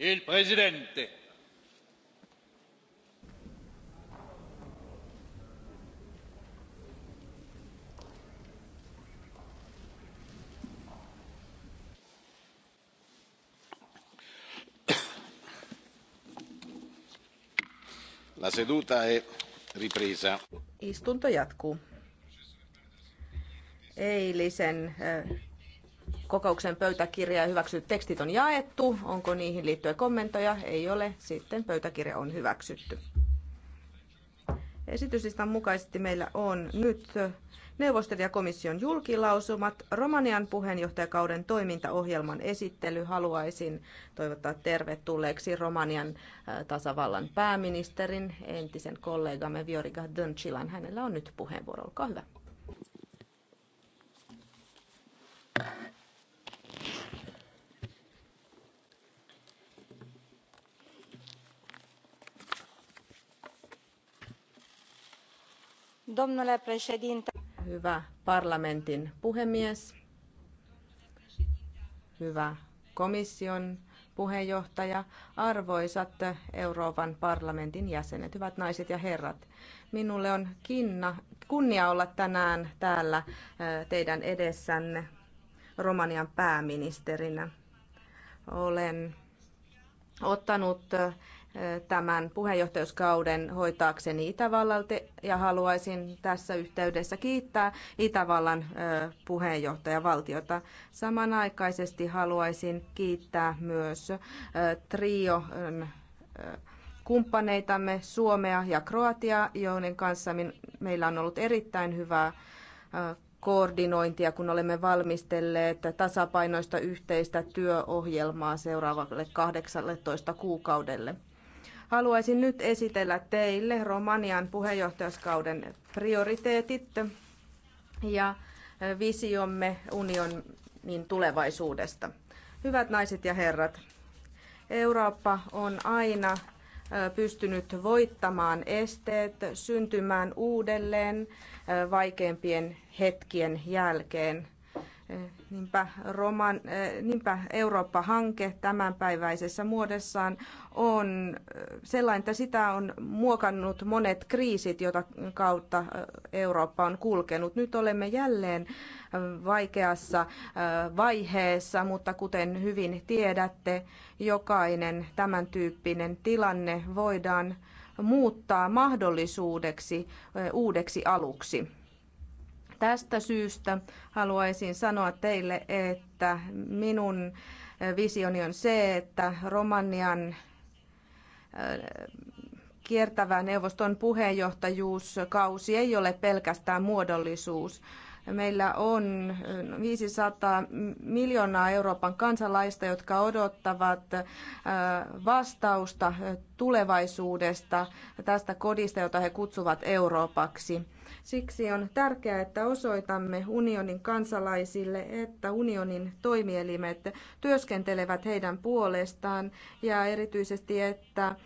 il presidente la seduta è ripresa. istunto jatkuu. eilisen eh, kokouksen pöytäkirja ja hyväksytyt tekstit on jaettu. Onko niihin liittyen kommentoja? Ei ole. Sitten pöytäkirja on hyväksytty. Esityslistan mukaisesti meillä on nyt neuvoston ja komission julkilausumat. Romanian puheenjohtajakauden toimintaohjelman esittely haluaisin toivottaa tervetulleeksi Romanian tasavallan pääministerin, entisen kollegamme Viorica Dönchilan. Hänellä on nyt puheenvuoro. Olkaa hyvä. Domnule președinte. Hyvä parlamentin puhemies. Hyvä komission puheenjohtaja, arvoisat Euroopan parlamentin jäsenet, hyvät naiset ja herrat. Minulle on kunnia olla tänään täällä eh, teidän edessänne Romanian pääministerinä. Olen ottanut eh, tämän puheenjohtajuuskauden hoitaakseni Itävallalta ja haluaisin tässä yhteydessä kiittää Itävallan puheenjohtajavaltiota. Samanaikaisesti haluaisin kiittää myös trio kumppaneitamme Suomea ja Kroatiaa, joiden kanssa meillä on ollut erittäin hyvää koordinointia, kun olemme valmistelleet tasapainoista yhteistä työohjelmaa seuraavalle 18 kuukaudelle. Haluaisin nyt esitellä teille Romanian puheenjohtajaskauden prioriteetit ja visiomme unionin tulevaisuudesta. Hyvät naiset ja herrat, Eurooppa on aina pystynyt voittamaan esteet, syntymään uudelleen vaikeimpien hetkien jälkeen. Eh, niinpä, Roman, eh, niinpä Eurooppa-hanke tämänpäiväisessä muodossaan on eh, sellainen, että sitä on muokannut monet kriisit, joita kautta Eurooppa on kulkenut. Nyt olemme jälleen vaikeassa vaiheessa, mutta kuten hyvin tiedätte, jokainen tämän tyyppinen tilanne voidaan muuttaa mahdollisuudeksi uudeksi aluksi Tästä syystä haluaisin sanoa teille, että minun visioni on se, että Romanian kiertävä neuvoston puheenjohtajuuskausi ei ole pelkästään muodollisuus. Meillä on 500 äh, miljoonaa Euroopan kansalaista, jotka odottavat äh, vastausta äh, tulevaisuudesta tästä kodista, jota he kutsuvat Euroopaksi. Siksi on tärkeää, että osoitamme unionin kansalaisille, että unionin toimielimet työskentelevät heidän puolestaan ja erityisesti, että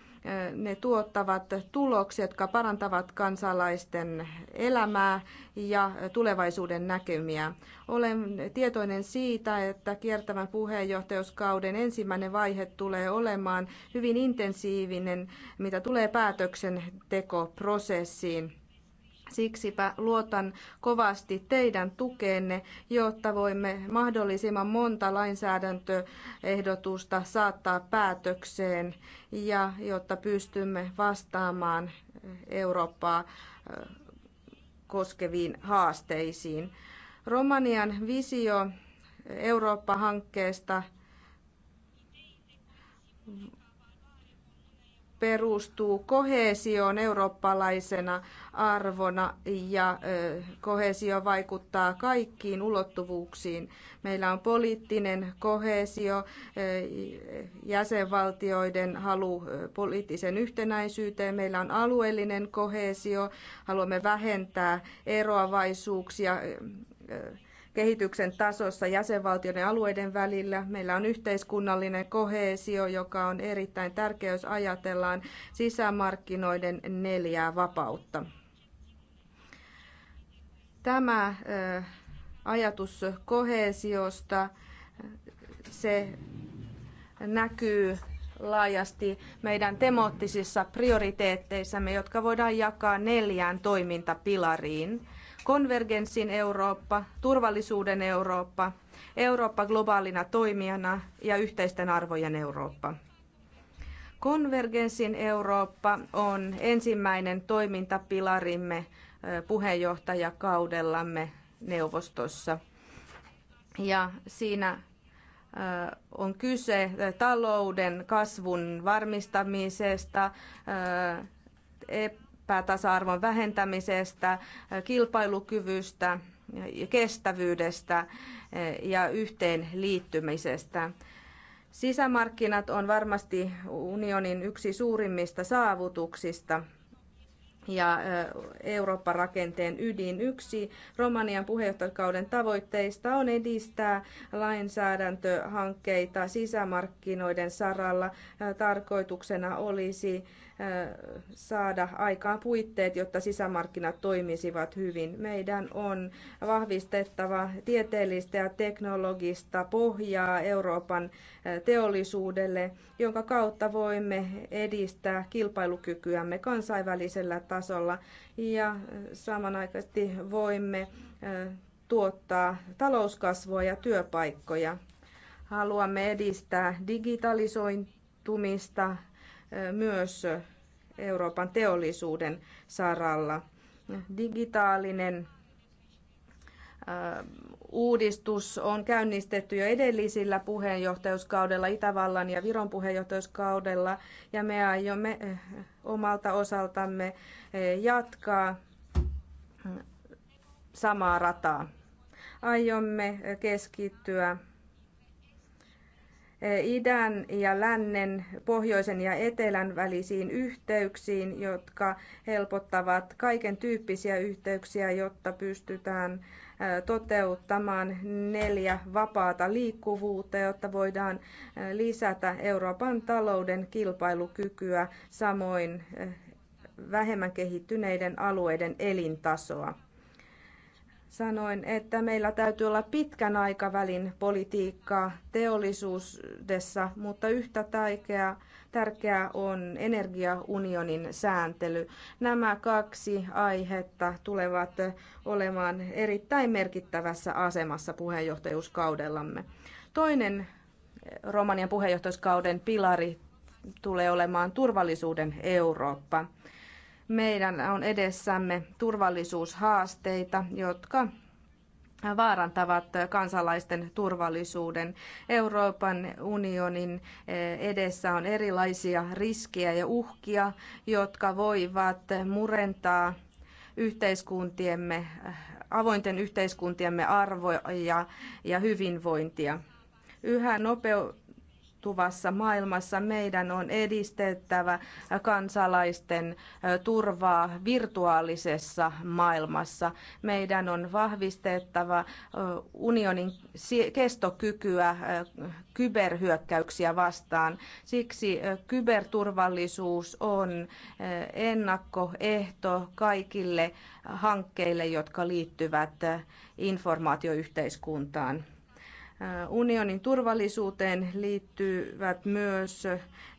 ne tuottavat tuloksia, jotka parantavat kansalaisten elämää ja tulevaisuuden näkymiä. Olen tietoinen siitä, että kiertävän puheenjohtajuuskauden ensimmäinen vaihe tulee olemaan hyvin intensiivinen, mitä tulee päätöksentekoprosessiin Siksipä luotan kovasti teidän tukeenne, jotta voimme mahdollisimman monta lainsäädäntöehdotusta saattaa päätökseen ja jotta pystymme vastaamaan Eurooppaa koskeviin haasteisiin. Romanian visio Eurooppa-hankkeesta perustuu kohesioon eurooppalaisena arvona ja kohesio vaikuttaa kaikkiin ulottuvuuksiin. Meillä on poliittinen kohesio, jäsenvaltioiden halu poliittisen yhtenäisyyteen, meillä on alueellinen kohesio, haluamme vähentää eroavaisuuksia kehityksen tasossa jäsenvaltioiden ja alueiden välillä. Meillä on yhteiskunnallinen koheesio, joka on erittäin tärkeä, jos ajatellaan sisämarkkinoiden neljää vapautta. Tämä ajatus koheesiosta se näkyy laajasti meidän temoottisissa prioriteetteissamme, jotka voidaan jakaa neljään toimintapilariin konvergenssin Eurooppa, turvallisuuden Eurooppa, Eurooppa globaalina toimijana ja yhteisten arvojen Eurooppa. Konvergenssin Eurooppa on ensimmäinen toimintapilarimme puheenjohtajakaudellamme neuvostossa. Ja siinä on kyse talouden kasvun varmistamisesta, e- epätasa-arvon vähentämisestä, kilpailukyvystä, kestävyydestä ja yhteenliittymisestä. Sisämarkkinat on varmasti unionin yksi suurimmista saavutuksista ja Euroopan rakenteen ydin. Yksi Romanian puheenjohtajakauden tavoitteista on edistää lainsäädäntöhankkeita sisämarkkinoiden saralla. Tarkoituksena olisi saada aikaan puitteet, jotta sisämarkkinat toimisivat hyvin. Meidän on vahvistettava tieteellistä ja teknologista pohjaa Euroopan teollisuudelle, jonka kautta voimme edistää kilpailukykyämme kansainvälisellä tasolla ja samanaikaisesti voimme tuottaa talouskasvua ja työpaikkoja. Haluamme edistää digitalisointumista myös Euroopan teollisuuden saralla. Digitaalinen äh, uudistus on käynnistetty jo edellisillä puheenjohtajuuskaudella, Itävallan ja Viron puheenjohtajuuskaudella, ja me aiomme äh, omalta osaltamme äh, jatkaa samaa rataa. Aiomme keskittyä Eh, idän ja lännen, pohjoisen ja etelän välisiin yhteyksiin, jotka helpottavat kaiken tyyppisiä yhteyksiä, jotta pystytään eh, toteuttamaan neljä vapaata liikkuvuutta, jotta voidaan eh, lisätä Euroopan talouden kilpailukykyä samoin vähemmän kehittyneiden alueiden elintasoa sanoin, että meillä täytyy olla pitkän aikavälin politiikkaa teollisuudessa, mutta yhtä taikea, tärkeää on energiaunionin sääntely. Nämä kaksi aihetta tulevat olemaan erittäin merkittävässä asemassa puheenjohtajuuskaudellamme. Toinen Romanian puheenjohtajuuskauden pilari tulee olemaan turvallisuuden Eurooppa meidän on edessämme turvallisuushaasteita, jotka vaarantavat kansalaisten turvallisuuden. Euroopan unionin eh, edessä on erilaisia riskejä ja uhkia, jotka voivat murentaa yhteiskuntiemme, eh, avointen yhteiskuntiemme arvoja ja hyvinvointia. Yhä nopeu- muuttuvassa maailmassa meidän on edistettävä kansalaisten turvaa virtuaalisessa maailmassa. Meidän on vahvistettava unionin kestokykyä kyberhyökkäyksiä vastaan. Siksi kyberturvallisuus on ennakkoehto kaikille hankkeille, jotka liittyvät informaatioyhteiskuntaan. Unionin turvallisuuteen liittyvät myös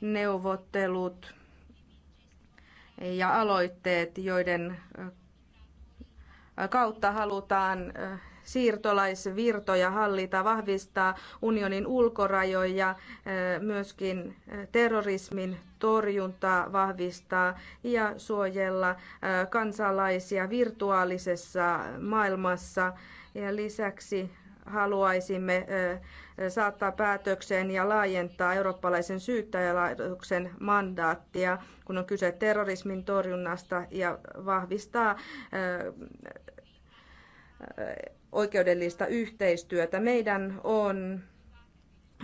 neuvottelut ja aloitteet, joiden kautta halutaan siirtolaisvirtoja hallita, vahvistaa unionin ulkorajoja, myöskin terrorismin torjuntaa vahvistaa ja suojella kansalaisia virtuaalisessa maailmassa. Ja lisäksi haluaisimme saattaa päätökseen ja laajentaa eurooppalaisen syyttäjälaitoksen mandaattia, kun on kyse terrorismin torjunnasta ja vahvistaa oikeudellista yhteistyötä. Meidän on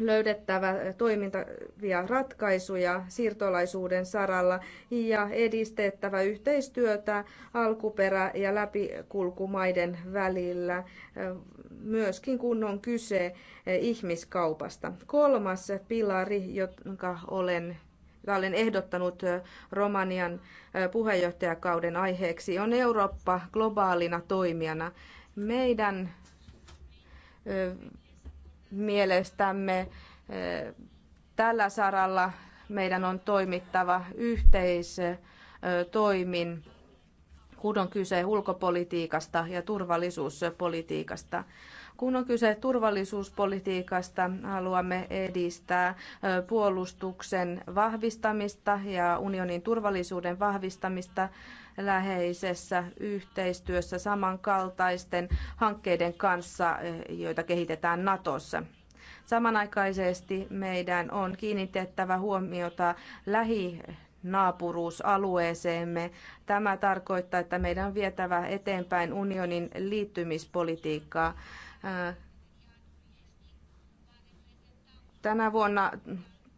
löydettävä toimintavia ratkaisuja siirtolaisuuden saralla ja edistettävä yhteistyötä alkuperä- ja läpikulkumaiden välillä, myöskin kun on kyse ihmiskaupasta. Kolmas pilari, jonka olen jota olen ehdottanut Romanian puheenjohtajakauden aiheeksi, on Eurooppa globaalina toimijana. Meidän mielestämme eh, tällä saralla meidän on toimittava yhteistoimin, kun on kyse ulkopolitiikasta ja turvallisuuspolitiikasta. Kun on kyse turvallisuuspolitiikasta, haluamme edistää puolustuksen vahvistamista ja unionin turvallisuuden vahvistamista läheisessä yhteistyössä samankaltaisten hankkeiden kanssa, joita kehitetään Natossa. Samanaikaisesti meidän on kiinnitettävä huomiota lähi naapuruusalueeseemme. Tämä tarkoittaa, että meidän on vietävä eteenpäin unionin liittymispolitiikkaa. Tänä vuonna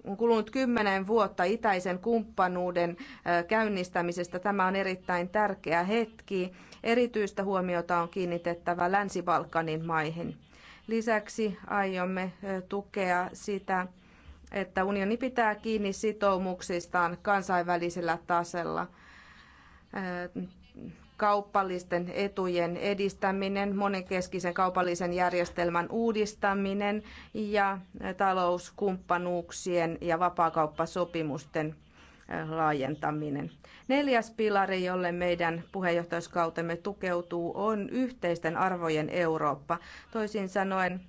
on kulunut kymmenen vuotta itäisen kumppanuuden käynnistämisestä. Tämä on erittäin tärkeä hetki. Erityistä huomiota on kiinnitettävä Länsi-Balkanin maihin. Lisäksi aiomme tukea sitä, että unioni pitää kiinni sitoumuksistaan kansainvälisellä tasolla kaupallisten etujen edistäminen, monenkeskisen kaupallisen järjestelmän uudistaminen ja talouskumppanuuksien ja vapaakauppasopimusten laajentaminen. Neljäs pilari, jolle meidän puheenjohtajuuskautemme tukeutuu, on yhteisten arvojen Eurooppa. Toisin sanoen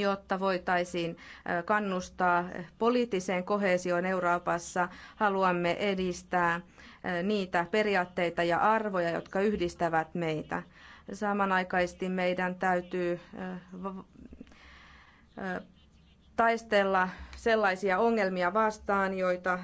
jotta voitaisiin kannustaa poliittiseen kohesioon Euroopassa, haluamme edistää niitä periaatteita ja arvoja, jotka yhdistävät meitä. Samanaikaisesti meidän täytyy taistella sellaisia ongelmia vastaan, joita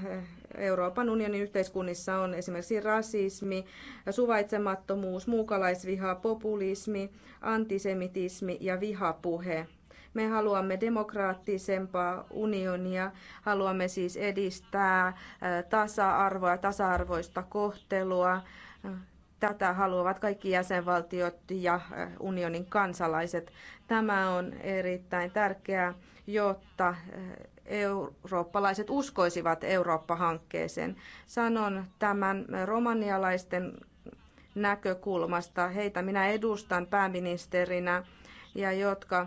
Euroopan unionin yhteiskunnissa on esimerkiksi rasismi, suvaitsemattomuus, muukalaisviha, populismi, antisemitismi ja vihapuhe me haluamme demokraattisempaa unionia, haluamme siis edistää tasa-arvoa, tasa-arvoista kohtelua. Tätä haluavat kaikki jäsenvaltiot ja unionin kansalaiset. Tämä on erittäin tärkeää, jotta eurooppalaiset uskoisivat Eurooppa-hankkeeseen. Sanon tämän romanialaisten näkökulmasta. Heitä minä edustan pääministerinä ja jotka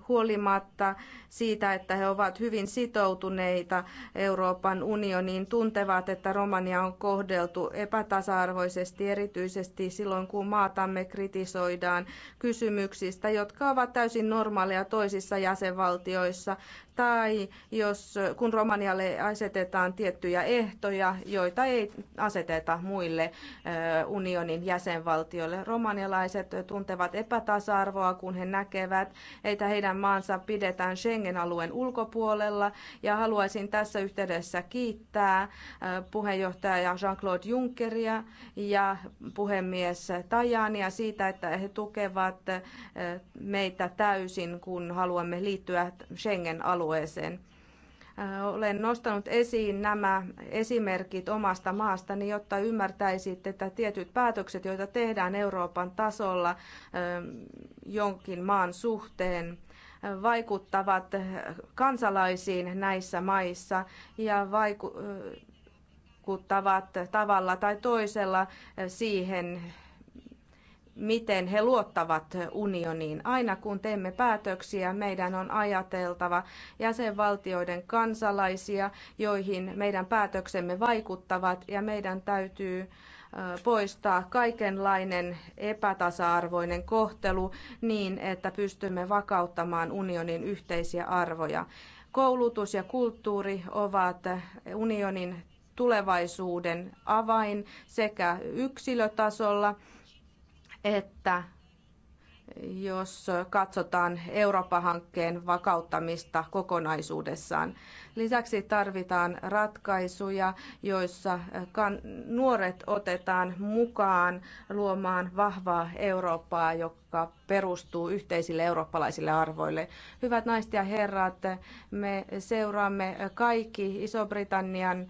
huolimatta siitä, että he ovat hyvin sitoutuneita Euroopan unioniin, tuntevat, että Romania on kohdeltu epätasa-arvoisesti, erityisesti silloin, kun maatamme kritisoidaan kysymyksistä, jotka ovat täysin normaaleja toisissa jäsenvaltioissa, tai jos, kun Romanialle asetetaan tiettyjä ehtoja, joita ei aseteta muille unionin jäsenvaltioille. Romanialaiset tuntevat epätasa-arvoa, kun he näkevät, että heidän maansa pidetään Schengen-alueen ulkopuolella. Ja haluaisin tässä yhteydessä kiittää äh, puheenjohtaja Jean-Claude Junckeria ja puhemies Tajania siitä, että he tukevat äh, meitä täysin, kun haluamme liittyä Schengen-alueeseen. Äh, olen nostanut esiin nämä esimerkit omasta maastani, jotta ymmärtäisitte, että tietyt päätökset, joita tehdään Euroopan tasolla jonkin maan suhteen, vaikuttavat kansalaisiin näissä maissa ja vaikuttavat tavalla tai toisella siihen, miten he luottavat unioniin. Aina kun teemme päätöksiä, meidän on ajateltava jäsenvaltioiden kansalaisia, joihin meidän päätöksemme vaikuttavat, ja meidän täytyy poistaa kaikenlainen epätasa-arvoinen kohtelu niin, että pystymme vakauttamaan unionin yhteisiä arvoja. Koulutus ja kulttuuri ovat unionin tulevaisuuden avain sekä yksilötasolla että jos katsotaan Eurooppa-hankkeen vakauttamista kokonaisuudessaan. Lisäksi tarvitaan ratkaisuja, joissa nuoret otetaan mukaan luomaan vahvaa Eurooppaa, joka perustuu yhteisille eurooppalaisille arvoille. Hyvät naiset ja herrat, me seuraamme kaikki Iso-Britannian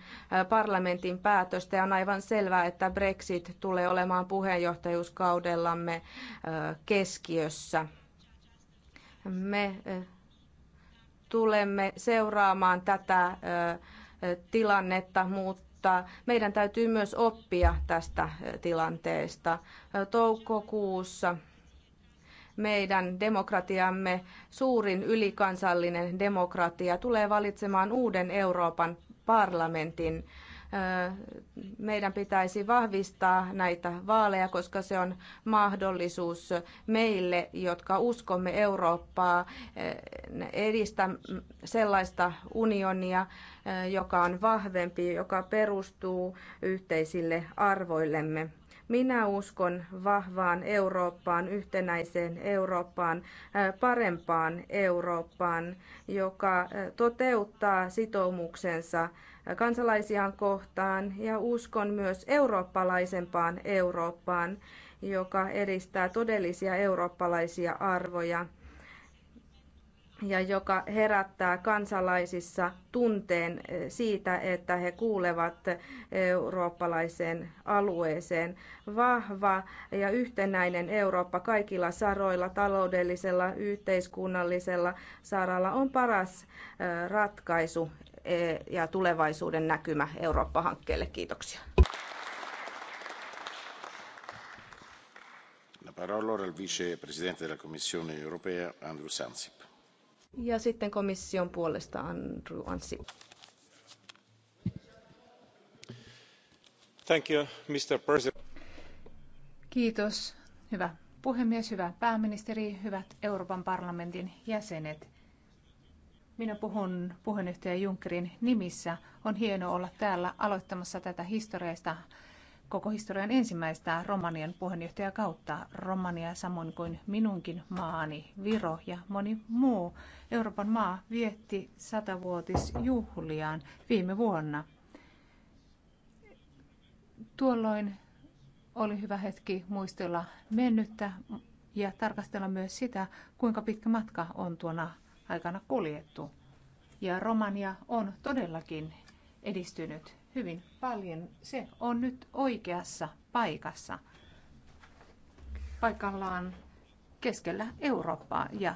parlamentin päätöstä ja on aivan selvää, että Brexit tulee olemaan puheenjohtajuuskaudellamme keskiössä. Me tulemme seuraamaan tätä tilannetta, mutta meidän täytyy myös oppia tästä tilanteesta. Toukokuussa meidän demokratiamme suurin ylikansallinen demokratia tulee valitsemaan uuden Euroopan parlamentin meidän pitäisi vahvistaa näitä vaaleja, koska se on mahdollisuus meille, jotka uskomme Eurooppaa, edistää sellaista unionia, joka on vahvempi, joka perustuu yhteisille arvoillemme. Minä uskon vahvaan Eurooppaan, yhtenäiseen Eurooppaan, parempaan Eurooppaan, joka toteuttaa sitoumuksensa kansalaisiaan kohtaan ja uskon myös eurooppalaisempaan Eurooppaan, joka edistää todellisia eurooppalaisia arvoja ja joka herättää kansalaisissa tunteen siitä, että he kuulevat eurooppalaiseen alueeseen. Vahva ja yhtenäinen Eurooppa kaikilla saroilla, taloudellisella, yhteiskunnallisella saralla on paras äh, ratkaisu E, ja tulevaisuuden näkymä Eurooppa-hankkeelle. Kiitoksia. La parola al Presidente della Commissione europea Andrew Sansip. Ja sitten komission puolesta Andrew Ansip. Thank you, Mr. President. Kiitos, hyvä puhemies, hyvä pääministeri, hyvät Euroopan parlamentin jäsenet. Minä puhun puheenjohtaja Junckerin nimissä. On hienoa olla täällä aloittamassa tätä historiasta koko historian ensimmäistä Romanian puheenjohtaja kautta. Romania samoin kuin minunkin maani Viro ja moni muu Euroopan maa vietti satavuotisjuhliaan viime vuonna. Tuolloin oli hyvä hetki muistella mennyttä ja tarkastella myös sitä, kuinka pitkä matka on tuona aikana kuljettu. Ja Romania on todellakin edistynyt hyvin paljon. Se on nyt oikeassa paikassa, paikallaan keskellä Eurooppaa. Ja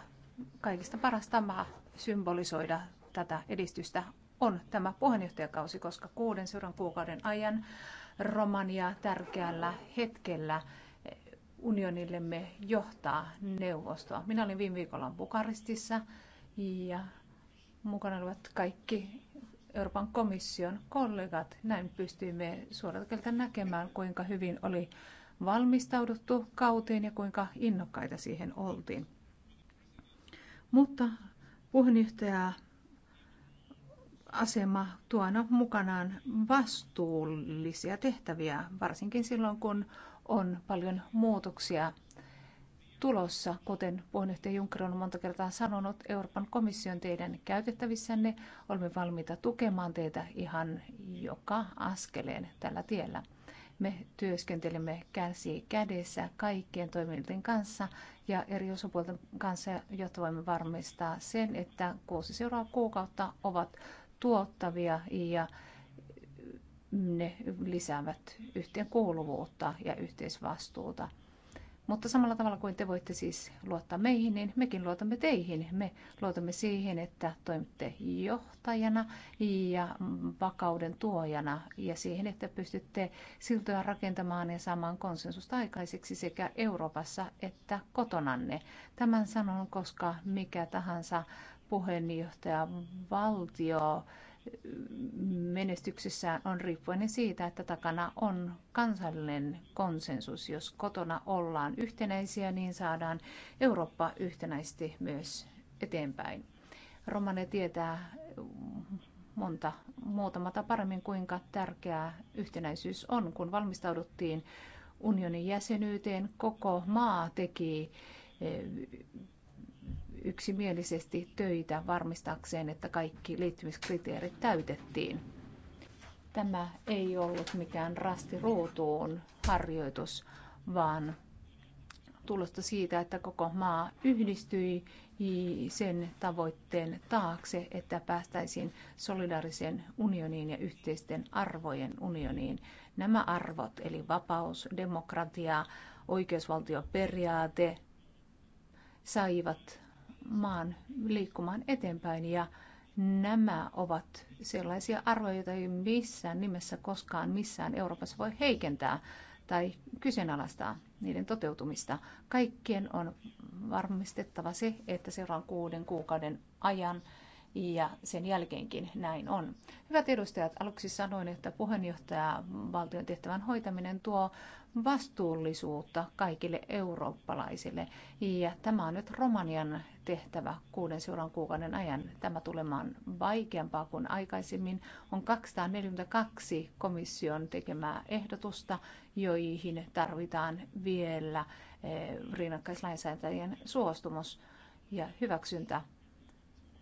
kaikista paras tapa symbolisoida tätä edistystä on tämä puheenjohtajakausi, koska kuuden seuran kuukauden ajan Romania tärkeällä hetkellä unionillemme johtaa neuvostoa. Minä olin viime viikolla Bukarestissa ja mukana olivat kaikki Euroopan komission kollegat. Näin pystyimme suoralta näkemään, kuinka hyvin oli valmistauduttu kauteen ja kuinka innokkaita siihen oltiin. Mutta puheenjohtaja asema tuo mukanaan vastuullisia tehtäviä, varsinkin silloin kun on paljon muutoksia tulossa. Kuten puheenjohtaja Juncker on monta kertaa sanonut, Euroopan komission teidän käytettävissänne. Olemme valmiita tukemaan teitä ihan joka askeleen tällä tiellä. Me työskentelemme käsi kädessä kaikkien toimijoiden kanssa ja eri osapuolten kanssa, jotta voimme varmistaa sen, että kuusi seuraavaa kuukautta ovat tuottavia ja ne lisäävät yhteenkuuluvuutta ja yhteisvastuuta. Mutta samalla tavalla kuin te voitte siis luottaa meihin, niin mekin luotamme teihin. Me luotamme siihen, että toimitte johtajana ja vakauden tuojana ja siihen, että pystytte siltoja rakentamaan ja saamaan konsensusta aikaiseksi sekä Euroopassa että kotonanne. Tämän sanon, koska mikä tahansa puheenjohtaja valtio menestyksessään on riippuen siitä, että takana on kansallinen konsensus. Jos kotona ollaan yhtenäisiä, niin saadaan Eurooppa yhtenäisesti myös eteenpäin. Romane tietää monta, muutamata paremmin, kuinka tärkeää yhtenäisyys on. Kun valmistauduttiin unionin jäsenyyteen, koko maa teki eh, yksimielisesti töitä varmistaakseen, että kaikki liittymiskriteerit täytettiin. Tämä ei ollut mikään rasti ruutuun harjoitus, vaan tulosta siitä, että koko maa yhdistyi sen tavoitteen taakse, että päästäisiin solidaarisen unioniin ja yhteisten arvojen unioniin. Nämä arvot, eli vapaus, demokratia, oikeusvaltioperiaate, saivat maan liikkumaan eteenpäin ja nämä ovat sellaisia arvoja, joita ei missään nimessä koskaan missään Euroopassa voi heikentää tai kyseenalaistaa niiden toteutumista. Kaikkien on varmistettava se, että seuraavan kuuden kuukauden ajan ja sen jälkeenkin näin on. Hyvät edustajat, aluksi sanoin, että puheenjohtaja valtion tehtävän hoitaminen tuo vastuullisuutta kaikille eurooppalaisille. Ja tämä on nyt Romanian tehtävä kuuden seuraavan kuukauden ajan. Tämä tulemaan vaikeampaa kuin aikaisemmin. On 242 komission tekemää ehdotusta, joihin tarvitaan vielä eh, rinnakkaislainsäätäjien suostumus ja hyväksyntä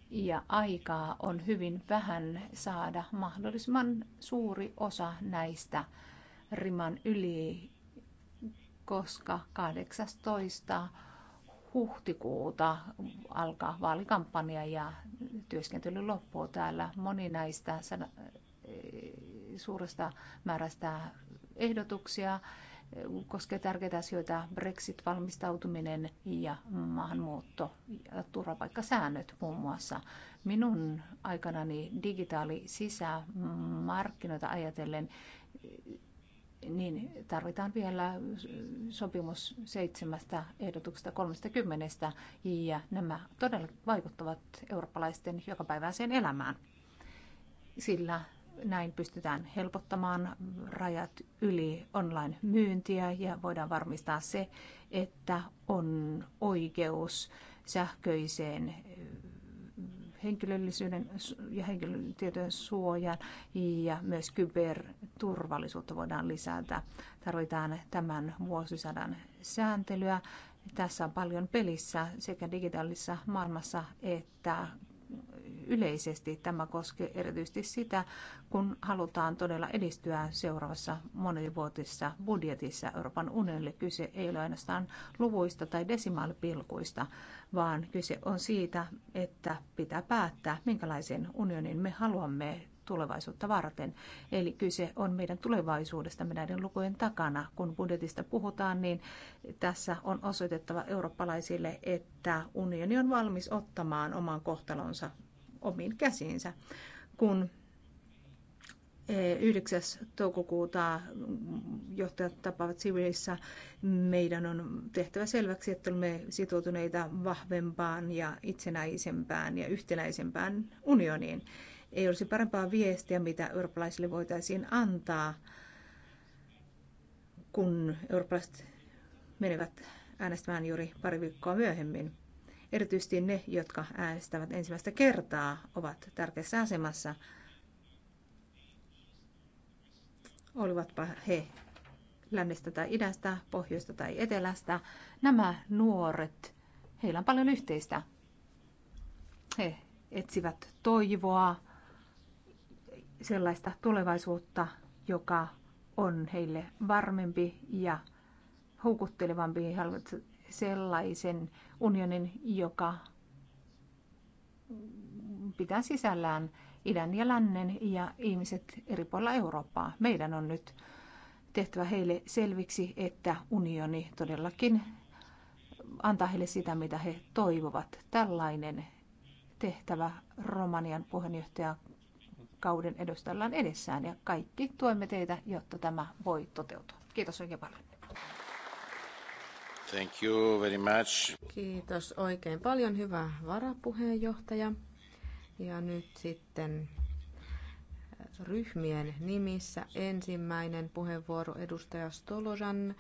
ja aikaa on hyvin vähän saada mahdollisimman suuri osa näistä riman yli, koska 18 huhtikuuta alkaa vaalikampanja ja työskentely loppuu täällä. Moni näistä suuresta määrästä ehdotuksia koskee tärkeitä asioita, Brexit-valmistautuminen ja maahanmuutto ja turvapaikkasäännöt muun muassa. Minun aikanani digitaali sisämarkkinoita ajatellen niin tarvitaan vielä sopimus seitsemästä ehdotuksesta 30 ja nämä todella vaikuttavat eurooppalaisten jokapäiväiseen elämään. Sillä näin pystytään helpottamaan rajat yli online-myyntiä ja voidaan varmistaa se, että on oikeus sähköiseen eh, henkilöllisyyden ja henkilötietojen suojan ja myös kyberturvallisuutta voidaan lisätä. Tarvitaan tämän vuosisadan sääntelyä. Tässä on paljon pelissä sekä digitaalisessa maailmassa että yleisesti. Tämä koskee erityisesti sitä, kun halutaan todella edistyä seuraavassa monivuotisessa budjetissa Euroopan unionille. Kyse ei ole ainoastaan luvuista tai desimaalipilkuista, vaan kyse on siitä, että pitää päättää, minkälaisen unionin me haluamme tulevaisuutta varten. Eli kyse on meidän tulevaisuudesta näiden lukujen takana. Kun budjetista puhutaan, niin tässä on osoitettava eurooppalaisille, että unioni on valmis ottamaan oman kohtalonsa omiin käsiinsä. Kun 9. E, toukokuuta johtajat tapaavat Sivilissä. Meidän on tehtävä selväksi, että olemme sitoutuneita vahvempaan ja itsenäisempään ja yhtenäisempään unioniin. Ei olisi parempaa viestiä, mitä eurooppalaisille voitaisiin antaa, kun eurooppalaiset menevät äänestämään juuri pari viikkoa myöhemmin. Erityisesti ne, jotka äänestävät ensimmäistä kertaa, ovat tärkeässä asemassa. Olivatpa he lännestä tai idästä, pohjoista tai etelästä. Nämä nuoret, heillä on paljon yhteistä. He etsivät toivoa, sellaista tulevaisuutta, joka on heille varmempi ja houkuttelevampi. He haluavat sellaisen unionin, joka pitää sisällään idän ja lännen ja ihmiset eri puolilla Eurooppaa. Meidän on nyt tehtävä heille selviksi, että unioni todellakin antaa heille sitä, mitä he toivovat. Tällainen tehtävä Romanian puheenjohtaja kauden edustajalla edessään ja kaikki tuemme teitä, jotta tämä voi toteutua. Kiitos oikein paljon. Thank you very much. Kiitos oikein paljon, hyvä varapuheenjohtaja. Ja nyt sitten äh, ryhmien nimissä ensimmäinen puheenvuoro edustaja Stolosan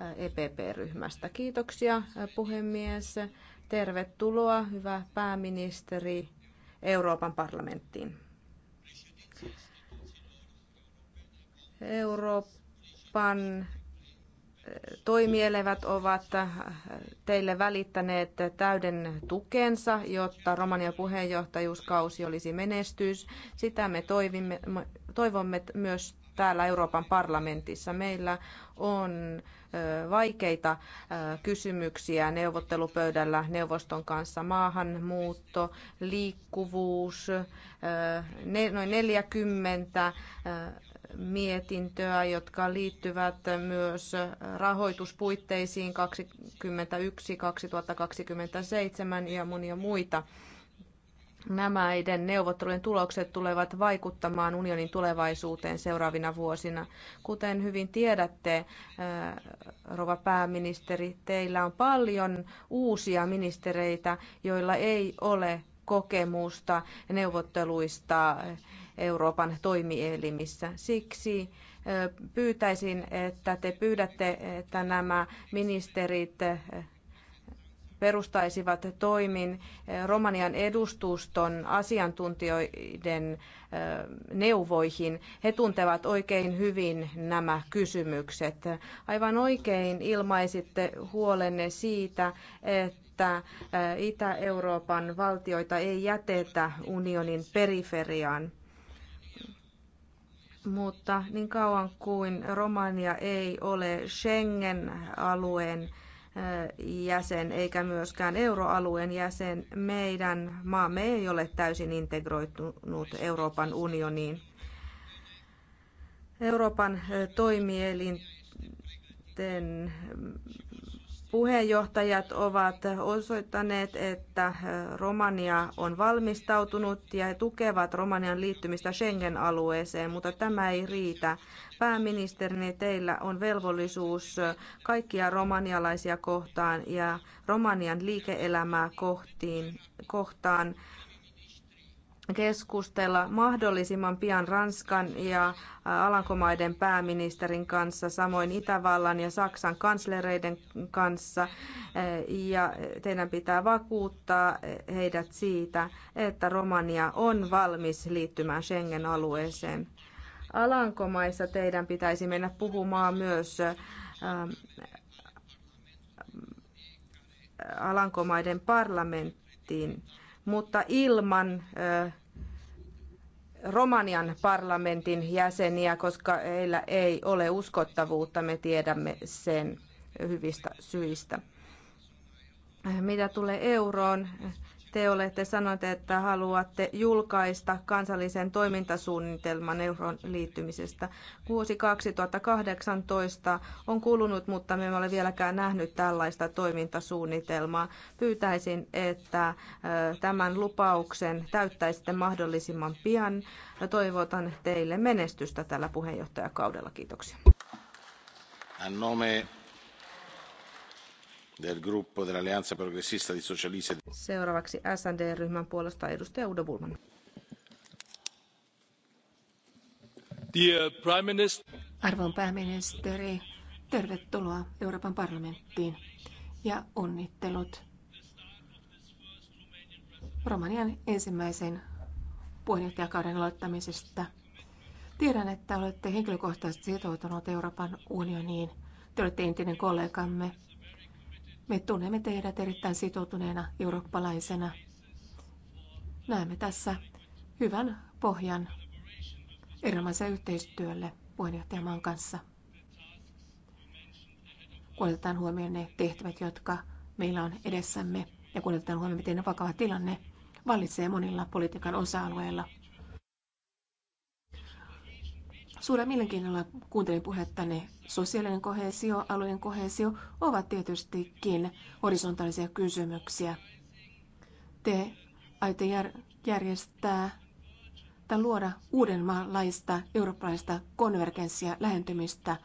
äh, EPP-ryhmästä. Kiitoksia äh, puhemies. Tervetuloa, hyvä pääministeri, Euroopan parlamenttiin. Euroopan toimielevät ovat teille välittäneet täyden tukensa, jotta romania puheenjohtajuuskausi olisi menestys. Sitä me toivimme, toivomme myös täällä Euroopan parlamentissa. Meillä on vaikeita kysymyksiä neuvottelupöydällä neuvoston kanssa. Maahanmuutto, liikkuvuus, noin 40 mietintöä, jotka liittyvät myös rahoituspuitteisiin 21-2027 ja monia muita. Nämä neuvottelujen tulokset tulevat vaikuttamaan unionin tulevaisuuteen seuraavina vuosina. Kuten hyvin tiedätte, rova pääministeri, teillä on paljon uusia ministereitä, joilla ei ole kokemusta neuvotteluista Euroopan toimielimissä. Siksi pyytäisin, että te pyydätte, että nämä ministerit perustaisivat toimin Romanian edustuston asiantuntijoiden neuvoihin. He tuntevat oikein hyvin nämä kysymykset. Aivan oikein ilmaisitte huolenne siitä, että Itä-Euroopan valtioita ei jätetä unionin periferiaan mutta niin kauan kuin Romania ei ole Schengen-alueen jäsen eikä myöskään euroalueen jäsen, meidän maamme ei ole täysin integroitunut Euroopan unioniin. Euroopan toimielinten puheenjohtajat ovat osoittaneet, että äh, Romania on valmistautunut ja he tukevat Romanian liittymistä Schengen-alueeseen, mutta tämä ei riitä. Pääministerinne teillä on velvollisuus äh, kaikkia romanialaisia kohtaan ja Romanian liike-elämää kohtiin, kohtaan keskustella mahdollisimman pian Ranskan ja Alankomaiden pääministerin kanssa, samoin Itävallan ja Saksan kanslereiden kanssa. Ja teidän pitää vakuuttaa heidät siitä, että Romania on valmis liittymään Schengen-alueeseen. Alankomaissa teidän pitäisi mennä puhumaan myös Alankomaiden parlamenttiin mutta ilman Romanian parlamentin jäseniä, koska heillä ei ole uskottavuutta, me tiedämme sen hyvistä syistä. Mitä tulee euroon, te olette sanoneet, että haluatte julkaista kansallisen toimintasuunnitelman euron liittymisestä. Vuosi 2018 on kulunut, mutta me emme ole vieläkään nähnyt tällaista toimintasuunnitelmaa. Pyytäisin, että tämän lupauksen täyttäisitte mahdollisimman pian. Ja toivotan teille menestystä tällä puheenjohtajakaudella. Kiitoksia. Nome del gruppo dell'Alleanza Progressista di Socialisti. E Seuraavaksi SND-ryhmän puolesta edustaja Udo Bulman. Arvon pääministeri, tervetuloa Euroopan parlamenttiin ja onnittelut Romanian ensimmäisen puheenjohtajakauden aloittamisesta. Tiedän, että olette henkilökohtaisesti sitoutunut Euroopan unioniin. Te olette entinen kollegamme me tunnemme teidät erittäin sitoutuneena eurooppalaisena. Näemme tässä hyvän pohjan erilaisen yhteistyölle puheenjohtajamaan kanssa. Kun otetaan huomioon ne tehtävät, jotka meillä on edessämme, ja kun otetaan huomioon, miten vakava tilanne vallitsee monilla politiikan osa-alueilla – Suurella mielenkiinnolla kuuntelin puhettanne. Sosiaalinen kohesio, alueen kohesio ovat tietystikin horisontaalisia kysymyksiä. Te aiotte jär- järjestää tai luoda uudenmaalaista eurooppalaista konvergenssia, lähentymistä.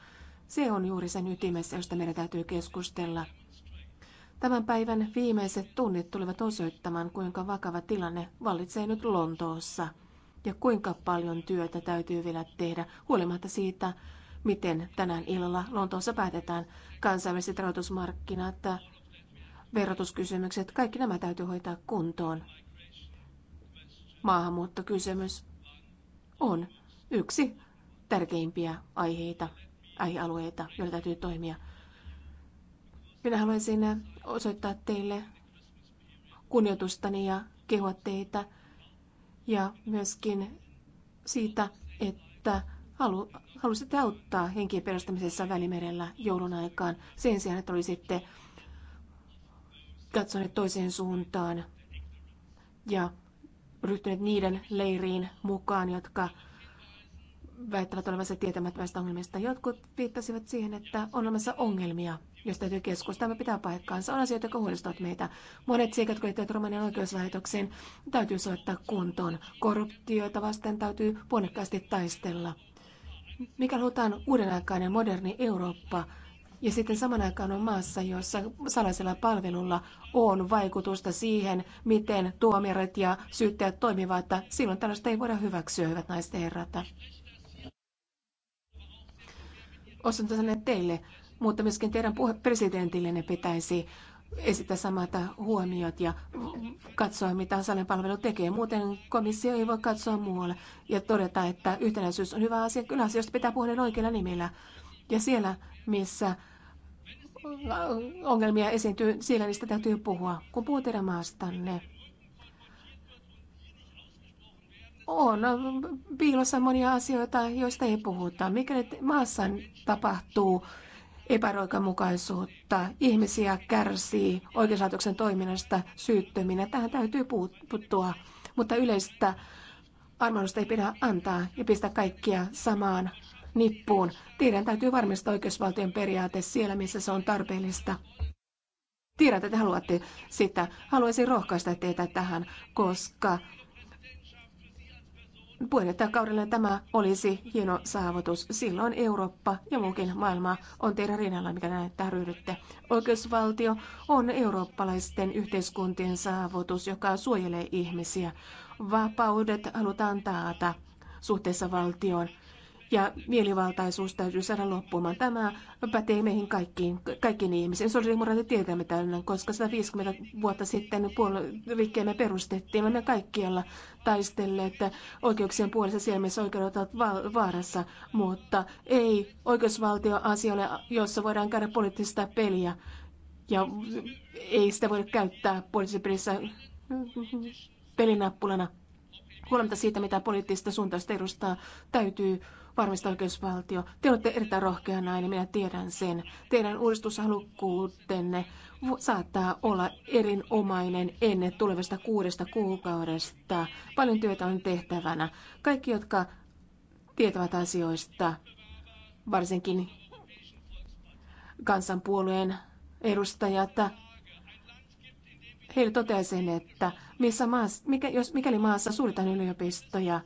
Se on juuri sen ytimessä, josta meidän täytyy keskustella. Tämän päivän viimeiset tunnit tulevat osoittamaan, kuinka vakava tilanne vallitsee nyt Lontoossa – ja kuinka paljon työtä täytyy vielä tehdä, huolimatta siitä, miten tänään illalla Lontoossa päätetään kansainväliset rahoitusmarkkinat, verotuskysymykset, kaikki nämä täytyy hoitaa kuntoon. Maahanmuuttokysymys on yksi tärkeimpiä aiheita, aihealueita, joilla täytyy toimia. Minä haluaisin osoittaa teille kunnioitustani ja kehua teitä – ja myöskin siitä, että halu, halusitte auttaa henkien pelastamisessa Välimerellä joulun aikaan sen sijaan, että olisitte katsoneet toiseen suuntaan ja ryhtyneet niiden leiriin mukaan, jotka väittävät olevansa tietämättömästä ongelmista. Jotkut viittasivat siihen, että on olemassa ongelmia, joista täytyy keskustella. Tämä pitää paikkaansa. On asioita, jotka huolestuvat meitä. Monet siikat, jotka liittyvät Romanian oikeuslaitokseen, täytyy soittaa kuntoon. Korruptioita vasten täytyy ponnekkaasti taistella. Mikä halutaan uudenaikainen, moderni Eurooppa, ja sitten saman aikaan on maassa, jossa salaisella palvelulla on vaikutusta siihen, miten tuomarit ja syyttäjät toimivat. Silloin tällaista ei voida hyväksyä, hyvät naiset ja herrat sanoa teille, mutta myöskin teidän ne pitäisi esittää samat huomiot ja katsoa, mitä palvelu tekee. Muuten komissio ei voi katsoa muualle ja todeta, että yhtenäisyys on hyvä asia. Kyllä asioista pitää puhua oikeilla nimillä. Ja siellä, missä ongelmia esiintyy, siellä niistä täytyy puhua. Kun puhuu teidän maastanne, on piilossa monia asioita, joista ei puhuta. Mikäli maassa tapahtuu epäroikamukaisuutta, ihmisiä kärsii oikeuslaitoksen toiminnasta syyttöminä, tähän täytyy puuttua, mutta yleistä armahdusta ei pidä antaa ja pistää kaikkia samaan nippuun. Tiedän täytyy varmistaa oikeusvaltion periaate siellä, missä se on tarpeellista. Tiedän, että te haluatte sitä. Haluaisin rohkaista teitä tähän, koska Puheenjohtajakaudella tämä olisi hieno saavutus. Silloin Eurooppa ja muukin maailma on teidän rinnalla, mikä näyttää ryhdytte. Oikeusvaltio on eurooppalaisten yhteiskuntien saavutus, joka suojelee ihmisiä. Vapaudet halutaan taata suhteessa valtioon ja mielivaltaisuus täytyy saada loppumaan. Tämä pätee meihin kaikkiin, kaikkiin ihmisiin. Sosiaalidemokraatit tietämme tämän, koska 150 vuotta sitten puolue, liikkeemme perustettiin. Olemme kaikkialla taistelleet oikeuksien puolesta siellä, missä oikeudet ovat va- vaarassa, mutta ei oikeusvaltio ole, jossa voidaan käydä poliittista peliä ja ei sitä voida käyttää poliittisessa pelissä pelinappulana. Huolimatta siitä, mitä poliittista suuntausta edustaa, täytyy varmista oikeusvaltio. Te olette erittäin rohkea nainen, minä tiedän sen. Teidän uudistushalukkuutenne saattaa olla erinomainen ennen tulevasta kuudesta kuukaudesta. Paljon työtä on tehtävänä. Kaikki, jotka tietävät asioista, varsinkin kansanpuolueen edustajat, heille toteaisin, että missä maassa, mikä, jos, mikäli maassa suuritaan yliopistoja,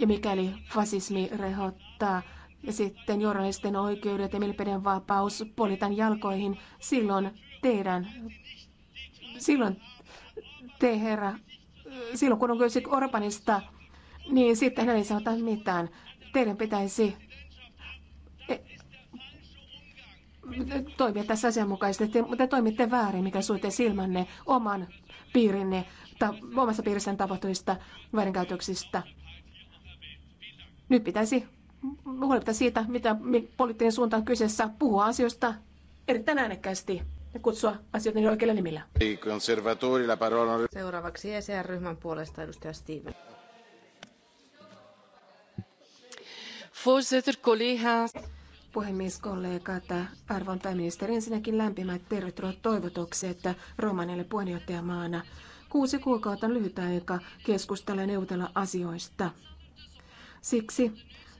ja mikäli fasismi rehottaa ja sitten journalisten oikeudet ja mielipiden vapaus politan jalkoihin, silloin teidän, silloin te herra, silloin kun on kyse Orbanista, niin sitten hän ei sanota mitään. Teidän pitäisi e, toimia tässä asianmukaisesti, te, mutta toimitte väärin, mikä suitte silmänne oman piirinne, ta, omassa piirissään tapahtuvista väärinkäytöksistä. Nyt pitäisi huolehtia siitä, mitä poliittinen suunta on kyseessä, puhua asioista erittäin äänekkäästi ja kutsua asioita niiden oikeilla nimillä. Seuraavaksi ECR-ryhmän puolesta edustaja Steven. Puhemies, kollegat, arvon pääministeri, ensinnäkin lämpimät tervetuloa että Romanille puheenjohtajamaana. Kuusi kuukautta lyhyt aika keskustella ja neuvotella asioista. Siksi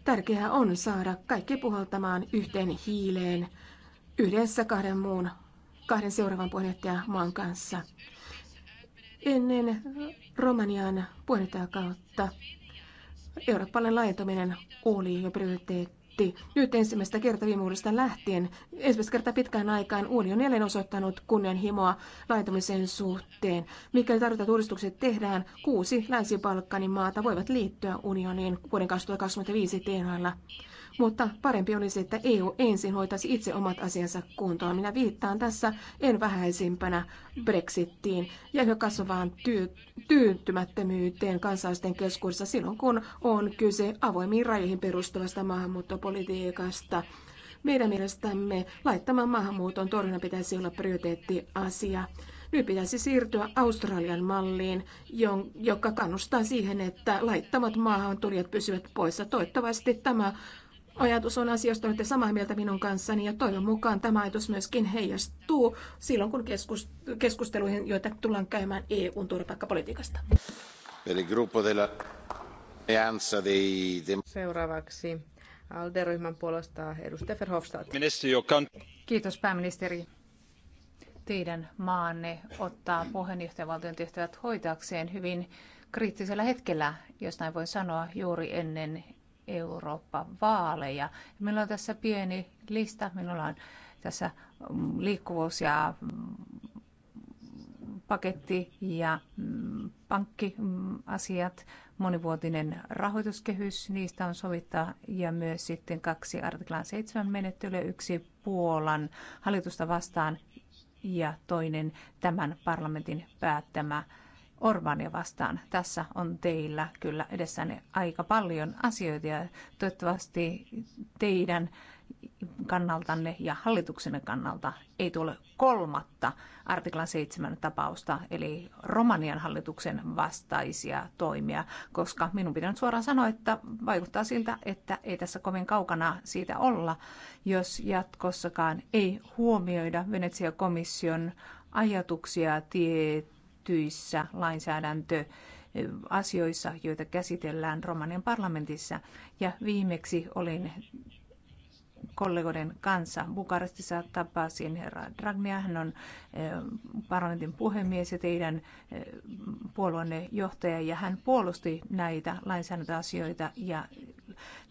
tärkeää on saada kaikki puhaltamaan yhteen hiileen yhdessä kahden muun, kahden seuraavan puheenjohtajan maan kanssa. Ennen Romanian puheenjohtajakautta eurooppalainen laajentuminen oli jo prioriteetti petti. Nyt ensimmäistä kertaa viime vuodesta lähtien, ensimmäistä kertaa pitkään aikaan, Uuni on jälleen osoittanut kunnianhimoa laitamisen suhteen. Mikäli tarvitaan uudistukset tehdään, kuusi Länsi-Balkanin maata voivat liittyä unioniin vuoden 2025 tienoilla. Mutta parempi olisi, että EU ensin hoitaisi itse omat asiansa kuntoon. Minä viittaan tässä en vähäisimpänä Brexittiin ja yhä kasvavaan tyy- tyytymättömyyteen kansalaisten keskuudessa silloin, kun on kyse avoimiin rajoihin perustuvasta maahanmuuttopolitiikasta ulkopolitiikasta. Meidän mielestämme laittamaan maahanmuuton torjunnan pitäisi olla prioriteettiasia. Nyt pitäisi siirtyä Australian malliin, joka kannustaa siihen, että laittamat maahantulijat pysyvät poissa. Toivottavasti tämä ajatus on asiasta olette samaa mieltä minun kanssani ja toivon mukaan tämä ajatus myöskin heijastuu silloin, kun keskusteluihin, joita tullaan käymään EUn turvapaikkapolitiikasta. Seuraavaksi ALDE-ryhmän puolesta edustaja Verhofstadt. Kiitos pääministeri. Teidän maanne ottaa puheenjohtajavaltion tehtävät hoitaakseen hyvin kriittisellä hetkellä, jos näin voi sanoa, juuri ennen Eurooppa-vaaleja. Meillä on tässä pieni lista, minulla on tässä mm, liikkuvuus ja paketti ja mm, pankkiasiat, monivuotinen rahoituskehys, niistä on sovittaa ja myös sitten kaksi artiklan 7 menettelyä, yksi Puolan hallitusta vastaan ja toinen tämän parlamentin päättämä Orbania vastaan. Tässä on teillä kyllä edessäni aika paljon asioita ja toivottavasti teidän kannaltanne ja hallituksenne kannalta ei tule kolmatta artiklan 7 tapausta, eli Romanian hallituksen vastaisia toimia, koska minun pitää nyt suoraan sanoa, että vaikuttaa siltä, että ei tässä kovin kaukana siitä olla, jos jatkossakaan ei huomioida Venetsian komission ajatuksia tietyissä lainsäädäntö asioissa, joita käsitellään Romanian parlamentissa. Ja viimeksi olin kollegoiden kanssa. Bukarestissa tapasin herra Dragnia, hän on eh, parlamentin puhemies ja teidän eh, puolueenne johtaja, ja hän puolusti näitä lainsäädäntöasioita ja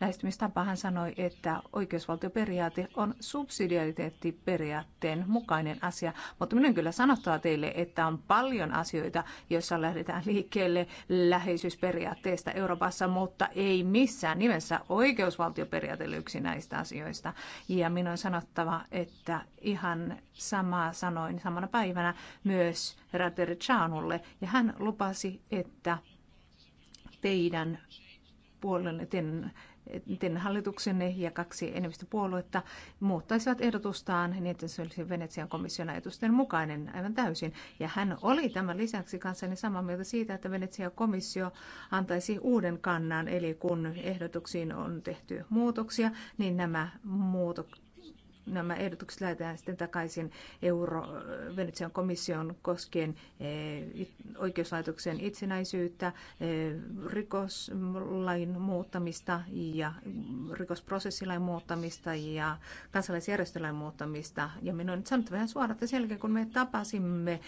lähestymistapa hän sanoi, että oikeusvaltioperiaate on subsidiariteettiperiaatteen mukainen asia, mutta minun kyllä sanottaa teille, että on paljon asioita, joissa lähdetään liikkeelle läheisyysperiaatteesta Euroopassa, mutta ei missään nimessä oikeusvaltioperiaate yksi näistä asioista 2013. Ja minun on sanottava, että ihan samaa sanoin samana päivänä myös Chanulle. Ja hän lupasi, että teidän teidän miten hallituksenne ja kaksi enemmistöpuoluetta muuttaisivat ehdotustaan niin, että se olisi Venetsian komission ajatusten mukainen aivan täysin. Ja hän oli tämän lisäksi kanssani samaa mieltä siitä, että Venetsian komissio antaisi uuden kannan, eli kun ehdotuksiin on tehty muutoksia, niin nämä muutokset nämä ehdotukset lähetetään sitten takaisin Euro, Venetsian komission koskien eh, oikeuslaitoksen itsenäisyyttä, eh, rikoslain muuttamista ja rikosprosessilain muuttamista ja kansalaisjärjestölain muuttamista. Ja minun on nyt sanottu vähän suoraan, että sen jälkeen kun me tapasimme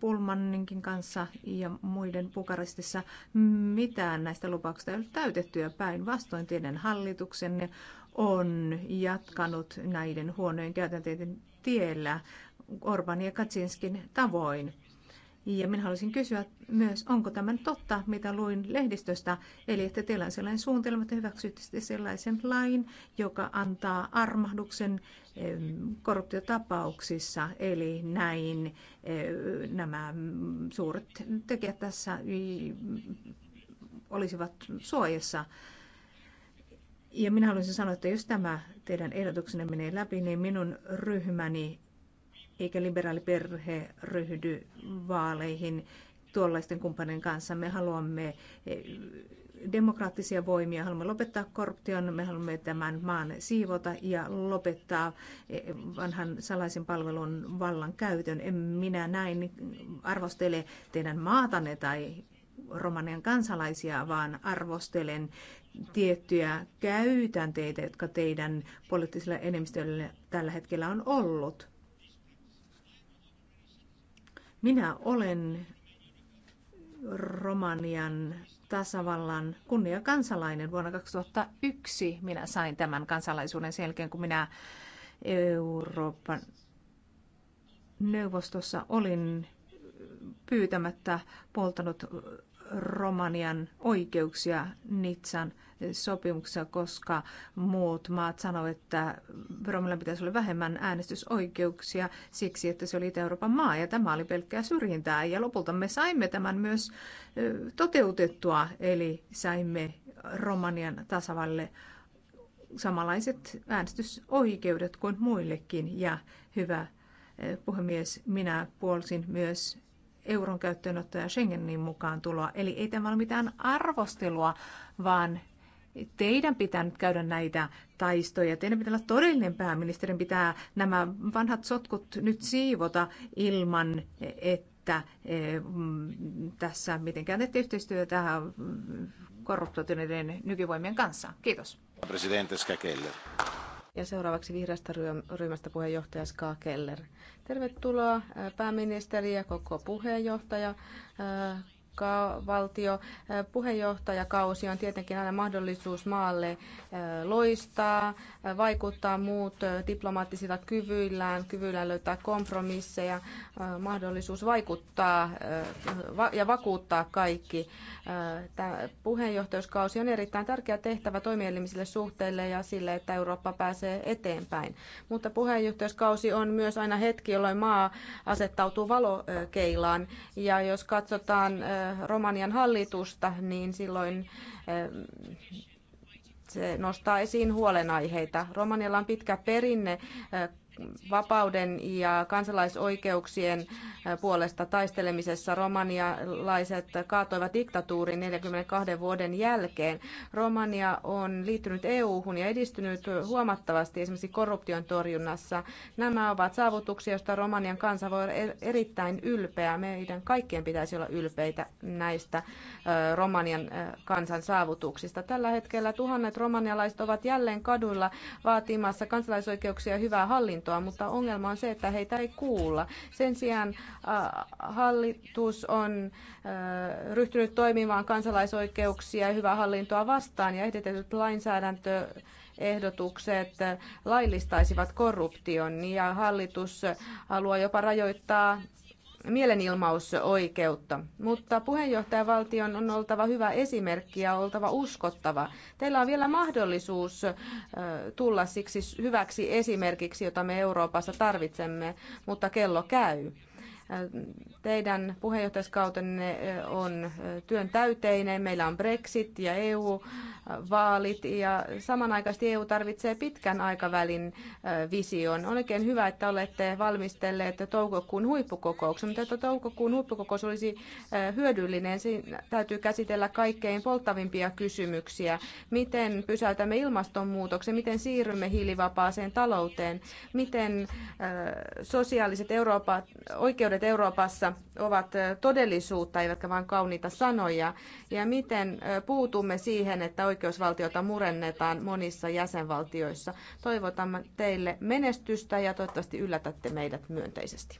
Pulmanninkin kanssa ja muiden Bukarestissa, mitään näistä lupauksista ei ollut täytettyä päinvastoin teidän hallituksenne on jatkanut näiden huonojen käytänteiden tiellä Orban ja Kaczynskin tavoin. Ja minä haluaisin kysyä myös, onko tämä totta, mitä luin lehdistöstä, eli että teillä on sellainen suunnitelma, että hyväksytte sellaisen lain, joka antaa armahduksen korruptiotapauksissa, eli näin nämä suuret tekijät tässä olisivat suojassa. Ja minä haluaisin sanoa, että jos tämä teidän ehdotuksenne menee läpi, niin minun ryhmäni eikä liberaaliperhe ryhdy vaaleihin tuollaisten kumppanien kanssa. Me haluamme eh, demokraattisia voimia, haluamme lopettaa korruption, me haluamme tämän maan siivota ja lopettaa eh, vanhan salaisen palvelun vallan käytön. En minä näin arvostele teidän maatanne tai Romanian kansalaisia, vaan arvostelen tiettyjä käytänteitä, jotka teidän poliittisella enemmistöllä tällä hetkellä on ollut. Minä olen Romanian tasavallan kansalainen Vuonna 2001 minä sain tämän kansalaisuuden sen jälkeen, kun minä Euroopan neuvostossa olin pyytämättä poltanut Romanian oikeuksia Nitsan sopimuksessa, koska muut maat sanoivat, että Romilla pitäisi olla vähemmän äänestysoikeuksia siksi, että se oli Itä-Euroopan maa ja tämä oli pelkkää syrjintää. Ja lopulta me saimme tämän myös toteutettua, eli saimme Romanian tasavalle samanlaiset äänestysoikeudet kuin muillekin. Ja hyvä puhemies, minä puolsin myös euron käyttöönottoa ja Schengenin mukaan tuloa. Eli ei tämä ole mitään arvostelua, vaan teidän pitää nyt käydä näitä taistoja. Teidän pitää olla todellinen pääministerin, pitää nämä vanhat sotkut nyt siivota ilman, että eh, mm, tässä mitenkään teette yhteistyötä korruptoituneiden nykyvoimien kanssa. Kiitos. Presidente Skakeller. Ja seuraavaksi vihreästä ryhmästä puheenjohtaja Ska Keller. Tervetuloa pääministeri ja koko puheenjohtaja joka puheenjohtajakausi on tietenkin aina mahdollisuus maalle loistaa, vaikuttaa muut diplomaattisilla kyvyillään, kyvyillään löytää kompromisseja, mahdollisuus vaikuttaa ja vakuuttaa kaikki. Tämä puheenjohtajuuskausi on erittäin tärkeä tehtävä toimielimisille suhteille ja sille, että Eurooppa pääsee eteenpäin. Mutta puheenjohtajuuskausi on myös aina hetki, jolloin maa asettautuu valokeilaan. Ja jos katsotaan Romanian hallitusta, niin silloin eh, se nostaa esiin huolenaiheita. Romanialla on pitkä perinne eh, vapauden ja kansalaisoikeuksien äh, puolesta taistelemisessa romanialaiset kaatoivat diktatuurin 42 vuoden jälkeen. Romania on liittynyt EU-hun ja edistynyt huomattavasti esimerkiksi korruption torjunnassa. Nämä ovat saavutuksia, joista Romanian kansa voi olla er-, erittäin ylpeä. Meidän kaikkien pitäisi olla ylpeitä näistä äh, Romanian äh, kansan saavutuksista. Tällä hetkellä tuhannet romanialaiset ovat jälleen kaduilla vaatimassa kansalaisoikeuksia ja hyvää hallintoa tietoa, mutta ongelma on se, että heitä ei kuulla. Sen sijaan äh, hallitus on äh, ryhtynyt toimimaan kansalaisoikeuksia ja hyvää hallintoa vastaan ja ehdotetut lainsäädäntö ehdotukset äh, laillistaisivat korruption ja hallitus haluaa jopa rajoittaa mielenilmausoikeutta, mutta puheenjohtajavaltion on oltava hyvä esimerkki ja oltava uskottava. Teillä on vielä mahdollisuus tulla siksi hyväksi esimerkiksi, jota me Euroopassa tarvitsemme, mutta kello käy. Teidän puheenjohtajaskautenne eh, on eh, työn täyteinen. Meillä on Brexit ja EU-vaalit ja samanaikaisesti EU tarvitsee pitkän aikavälin eh, vision. On oikein hyvä, että olette valmistelleet toukokuun huippukokouksen, mutta että toukokuun huippukokous olisi hyödyllinen, siinä täytyy käsitellä kaikkein polttavimpia kysymyksiä. Miten pysäytämme ilmastonmuutoksen, miten siirrymme hiilivapaaseen talouteen, miten sosiaaliset Euroopan oikeudet ihmiset Euroopassa ovat todellisuutta, eivätkä vain kauniita sanoja, ja miten puutumme siihen, että oikeusvaltiota murennetaan monissa jäsenvaltioissa. Toivotamme teille menestystä ja toivottavasti yllätätte meidät myönteisesti.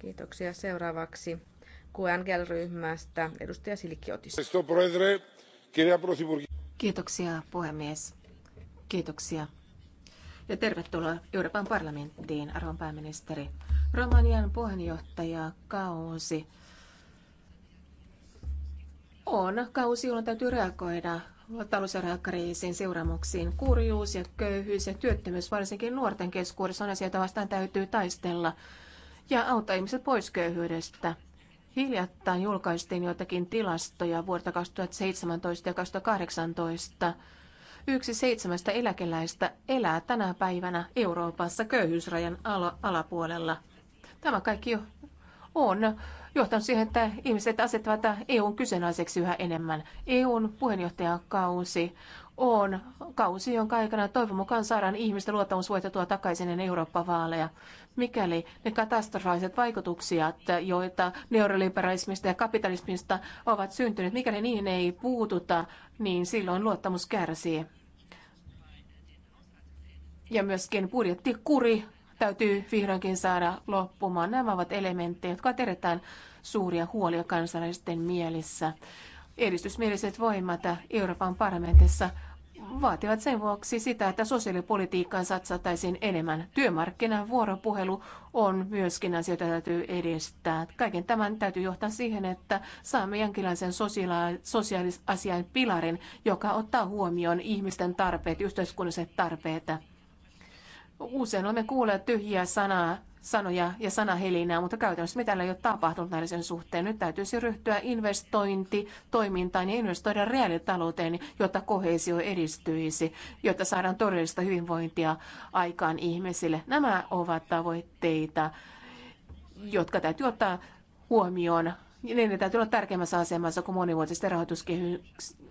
Kiitoksia. Seuraavaksi QNGL-ryhmästä edustaja Silikki Otis. Kiitoksia puhemies. Kiitoksia ja tervetuloa Euroopan parlamenttiin, arvon pääministeri. Romanian puheenjohtaja kausi on kausi, jolloin täytyy reagoida talouseräkriisin seuraamuksiin. Kurjuus ja köyhyys ja työttömyys varsinkin nuorten keskuudessa on asioita vastaan täytyy taistella ja auttaa ihmiset pois köyhyydestä. Hiljattain julkaistiin joitakin tilastoja vuodelta 2017 ja 2018 Yksi seitsemästä eläkeläistä elää tänä päivänä Euroopassa köyhyysrajan alapuolella. Tämä kaikki jo on johtanut siihen, että ihmiset asettavat EUn kyseenalaiseksi yhä enemmän. EUn puheenjohtajakausi on kausi, jonka aikana toivon mukaan saadaan ihmisten luottamus voitettua takaisin ennen Eurooppa-vaaleja. Mikäli ne katastrofaaliset vaikutukset, joita neoliberalismista ja kapitalismista ovat syntyneet, mikäli niihin ei puututa, niin silloin luottamus kärsii ja myöskin budjettikuri täytyy vihdoinkin saada loppumaan. Nämä ovat elementtejä, jotka ovat erittäin suuria huolia kansalaisten mielissä. Edistysmieliset voimat Euroopan parlamentissa vaativat sen vuoksi sitä, että sosiaalipolitiikkaan satsataisiin enemmän. Työmarkkinan vuoropuhelu on myöskin asia, jota täytyy edistää. Kaiken tämän täytyy johtaa siihen, että saamme jonkinlaisen sosiaalisasian pilarin, joka ottaa huomioon ihmisten tarpeet, yhteiskunnalliset tarpeet. Usein olemme kuulleet tyhjiä sanaa, sanoja ja sanahelinää, mutta käytännössä mitään ei ole tapahtunut näiden sen suhteen. Nyt täytyisi ryhtyä investointitoimintaan ja investoida reaalitalouteen, jotta kohesio edistyisi, jotta saadaan todellista hyvinvointia aikaan ihmisille. Nämä ovat tavoitteita, jotka täytyy ottaa huomioon niin ne täytyy olla tärkeimmässä asemassa kuin monivuotisten, rahoituskehys,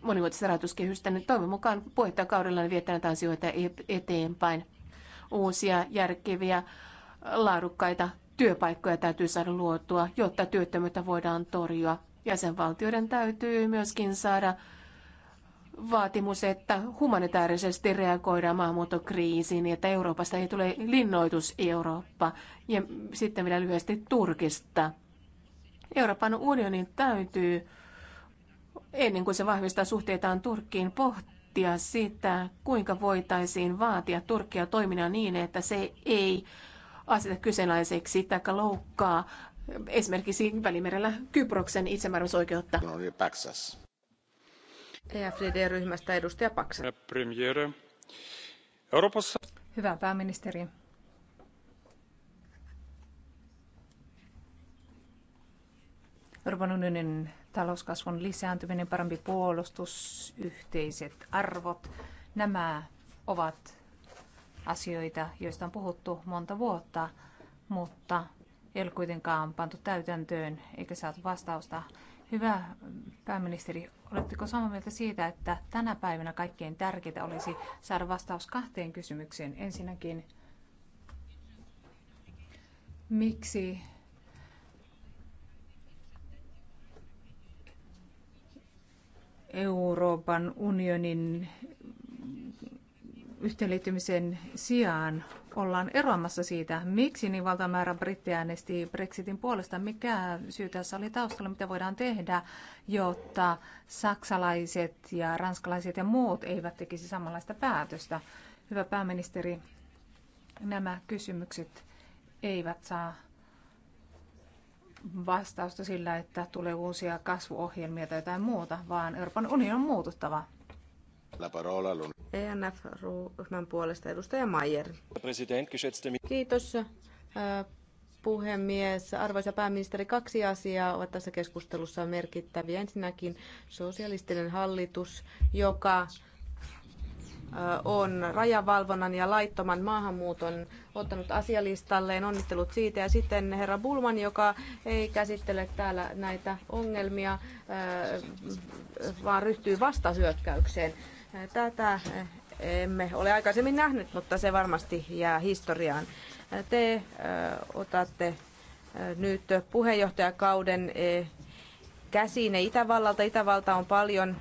monivuotisten rahoituskehysten. Toivon mukaan puheenjohtajakaudella ne viettää näitä asioita eteenpäin uusia järkeviä laadukkaita työpaikkoja täytyy saada luotua, jotta työttömyyttä voidaan torjua. Jäsenvaltioiden täytyy myöskin saada vaatimus, että humanitaarisesti reagoidaan maahanmuuttokriisiin, että Euroopasta ei tule linnoitus Eurooppa. Ja sitten vielä lyhyesti Turkista. Euroopan unionin täytyy, ennen kuin se vahvistaa suhteitaan Turkkiin, pohtia, pohtia sitä, kuinka voitaisiin vaatia Turkkia toiminnan niin, että se ei aseta kyseenalaiseksi tai loukkaa esimerkiksi Välimerellä Kyproksen itsemääräämisoikeutta. EFDD-ryhmästä edustaja Paksa. Euroopassa. Hyvä pääministeri. Euroopan unionin talouskasvun lisääntyminen, parempi puolustus, yhteiset arvot, nämä ovat asioita, joista on puhuttu monta vuotta, mutta ei ole kuitenkaan pantu täytäntöön eikä saatu vastausta. Hyvä pääministeri, oletteko samaa mieltä siitä, että tänä päivänä kaikkein tärkeintä olisi saada vastaus kahteen kysymykseen? Ensinnäkin, miksi Euroopan unionin yhteenliittymisen sijaan ollaan eroamassa siitä, miksi niin valtamäärä britti äänesti Brexitin puolesta, mikä syy tässä oli taustalla, mitä voidaan tehdä, jotta saksalaiset ja ranskalaiset ja muut eivät tekisi samanlaista päätöstä. Hyvä pääministeri, nämä kysymykset eivät saa vastausta sillä, että tulee uusia kasvuohjelmia tai jotain muuta, vaan Euroopan unioni on muututtava. ENF-ryhmän puolesta edustaja Mayer. Kiitos puhemies. Arvoisa pääministeri, kaksi asiaa ovat tässä keskustelussa merkittäviä. Ensinnäkin sosialistinen hallitus, joka on rajavalvonnan ja laittoman maahanmuuton ottanut asialistalleen, onnittelut siitä. Ja sitten herra Bulman, joka ei käsittele täällä näitä ongelmia, vaan ryhtyy vastahyökkäykseen. Tätä emme ole aikaisemmin nähnyt, mutta se varmasti jää historiaan. Te otatte nyt puheenjohtajakauden käsiin Itävallalta. Itävalta on paljon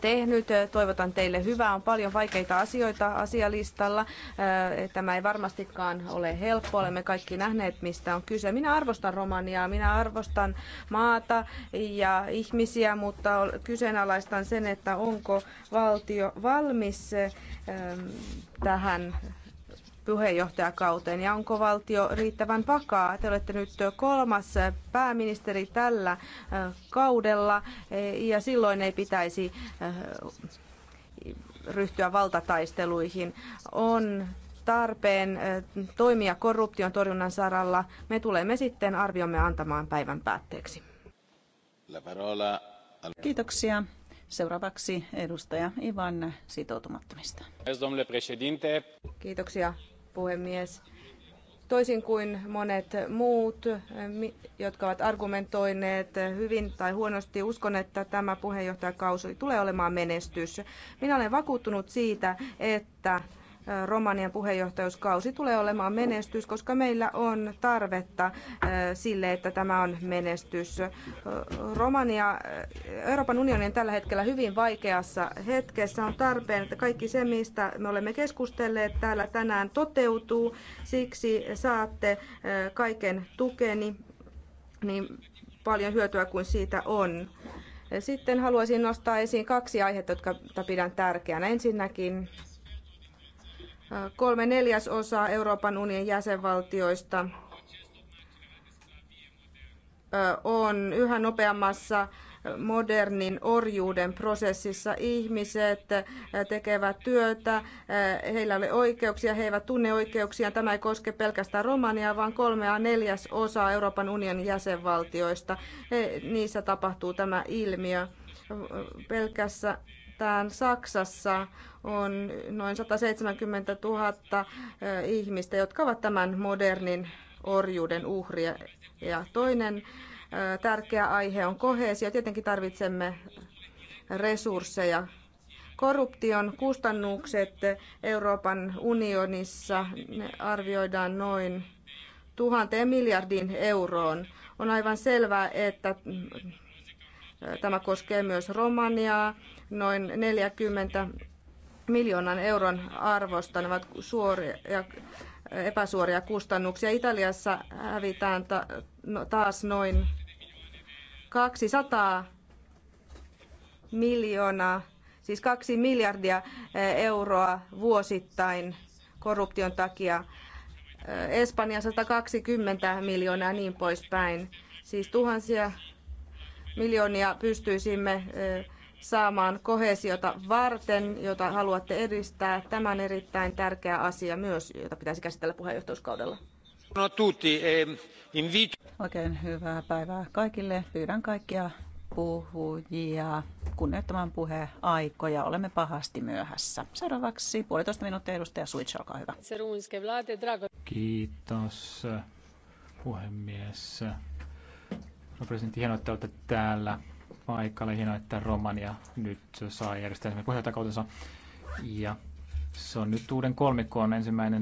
tehnyt. Toivotan teille hyvää. On paljon vaikeita asioita asialistalla. Tämä ei varmastikaan ole helppo. Olemme kaikki nähneet, mistä on kyse. Minä arvostan Romaniaa, minä arvostan maata ja ihmisiä, mutta kyseenalaistan sen, että onko valtio valmis tähän puheenjohtajakauteen ja onko valtio riittävän vakaa? Te olette nyt kolmas pääministeri tällä äh, kaudella eh, ja silloin ei pitäisi äh, ryhtyä valtataisteluihin. On tarpeen äh, toimia korruption torjunnan saralla. Me tulemme sitten arviomme antamaan päivän päätteeksi. Kiitoksia. Seuraavaksi edustaja Ivan sitoutumattomista. Kiitoksia puhemies. Toisin kuin monet muut, jotka ovat argumentoineet hyvin tai huonosti, uskon, että tämä puheenjohtajakausi tulee olemaan menestys. Minä olen vakuuttunut siitä, että Romanian puheenjohtajuuskausi tulee olemaan menestys, koska meillä on tarvetta sille, että tämä on menestys. Romania, Euroopan unioni on tällä hetkellä hyvin vaikeassa hetkessä. On tarpeen, että kaikki se, mistä me olemme keskustelleet täällä tänään, toteutuu. Siksi saatte kaiken tukeni niin paljon hyötyä kuin siitä on. Sitten haluaisin nostaa esiin kaksi aihetta, jotka pidän tärkeänä. Ensinnäkin kolme neljäsosaa Euroopan unionin jäsenvaltioista on yhä nopeammassa modernin orjuuden prosessissa. Ihmiset tekevät työtä, heillä ei ole oikeuksia, he eivät tunne oikeuksia. Tämä ei koske pelkästään Romaniaa, vaan kolmea neljäs osaa Euroopan unionin jäsenvaltioista. He, niissä tapahtuu tämä ilmiö. Pelkässä pelkästään Saksassa on noin 170 000 ihmistä, jotka ovat tämän modernin orjuuden uhria. Ja toinen tärkeä aihe on kohesio. Tietenkin tarvitsemme resursseja. Korruption kustannukset Euroopan unionissa arvioidaan noin tuhanteen miljardin euroon. On aivan selvää, että tämä koskee myös Romaniaa, noin 40 miljoonan euron arvosta. Ne ovat suoria, epäsuoria kustannuksia. Italiassa hävitään ta- no, taas noin 200 miljoonaa, siis kaksi miljardia eh, euroa vuosittain korruption takia. Eh, Espanja 120 miljoonaa ja niin poispäin. Siis tuhansia miljoonia pystyisimme eh, saamaan kohesiota varten, jota haluatte edistää. Tämä on erittäin tärkeä asia myös, jota pitäisi käsitellä puheenjohtajuuskaudella. No, ehm, Oikein hyvää päivää kaikille. Pyydän kaikkia puhujia kunnioittamaan puheaikoja. Olemme pahasti myöhässä. Seuraavaksi puolitoista minuuttia edustaja Suits, olkaa hyvä. Kiitos puhemies. No presidentti, hienoa, että olette täällä paikalle. Hienoa, että Romania nyt saa järjestää puheenjohtajakautensa. Ja se on nyt uuden kolmikkoon ensimmäinen